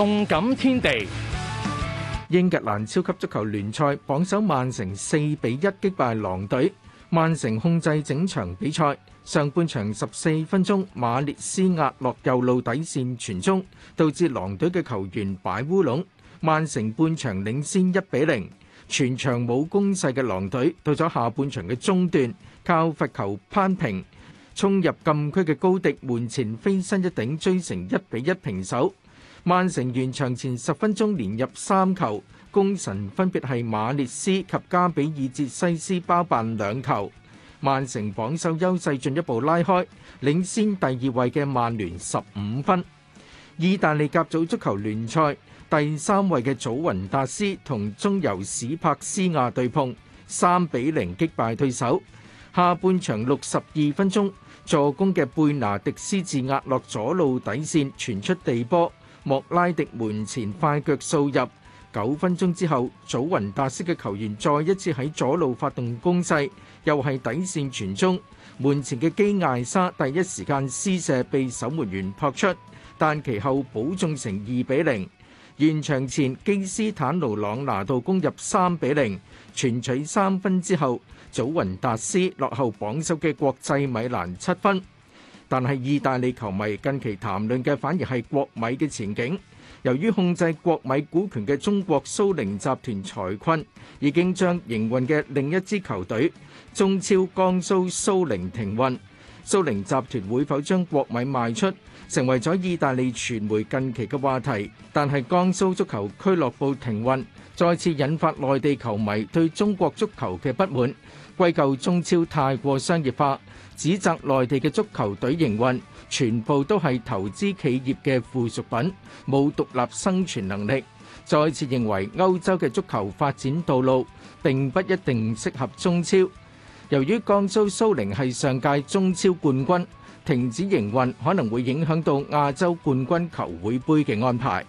動感天地，英格蘭超級足球聯賽，榜首曼城四比一擊敗狼隊，曼城控制整場比賽。上半場十四分鐘，馬列斯壓落右路底線傳中，導致狼隊嘅球員擺烏龍。曼城半場領先一比零，全場冇攻勢嘅狼隊到咗下半場嘅中段，靠罰球扳平，衝入禁區嘅高迪門前飛身一頂，追成一比一平手。曼城完場前十分鐘連入三球，功臣分別係馬列斯及加比奧捷西斯包辦兩球，曼城榜首優勢進一步拉開，領先第二位嘅曼聯十五分。意大利甲組足球聯賽第三位嘅祖雲達斯同中游史柏斯亞對碰，三比零擊敗對手。下半場六十二分鐘，助攻嘅貝拿迪斯自壓落左路底線傳出地波。莫拉迪門前快腳掃入，九分鐘之後，祖雲達斯嘅球員再一次喺左路發動攻勢，又係底線傳中，門前嘅基艾莎第一時間施射被守門員撲出，但其後補中成二比零。完場前基斯坦奴朗拿度攻入三比零，全取三分之後，祖雲達斯落後榜首嘅國際米蘭七分。但係，意大利球迷近期談論嘅反而係國米嘅前景。由於控制國米股權嘅中國蘇寧集團財困，已經將營運嘅另一支球隊中超江蘇蘇寧停運。蘇寧集團會否將國米賣出成為咗意大利傳媒近期嘅話題。但係江蘇足球俱樂部停運，再次引發內地球迷對中國足球嘅不滿，歸咎中超太過商業化，指責內地嘅足球隊營運全部都係投資企業嘅附屬品，冇獨立生存能力，再次認為歐洲嘅足球發展道路並不一定適合中超。由於江蘇蘇寧係上屆中超冠軍，停止營運可能會影響到亞洲冠軍球會杯嘅安排。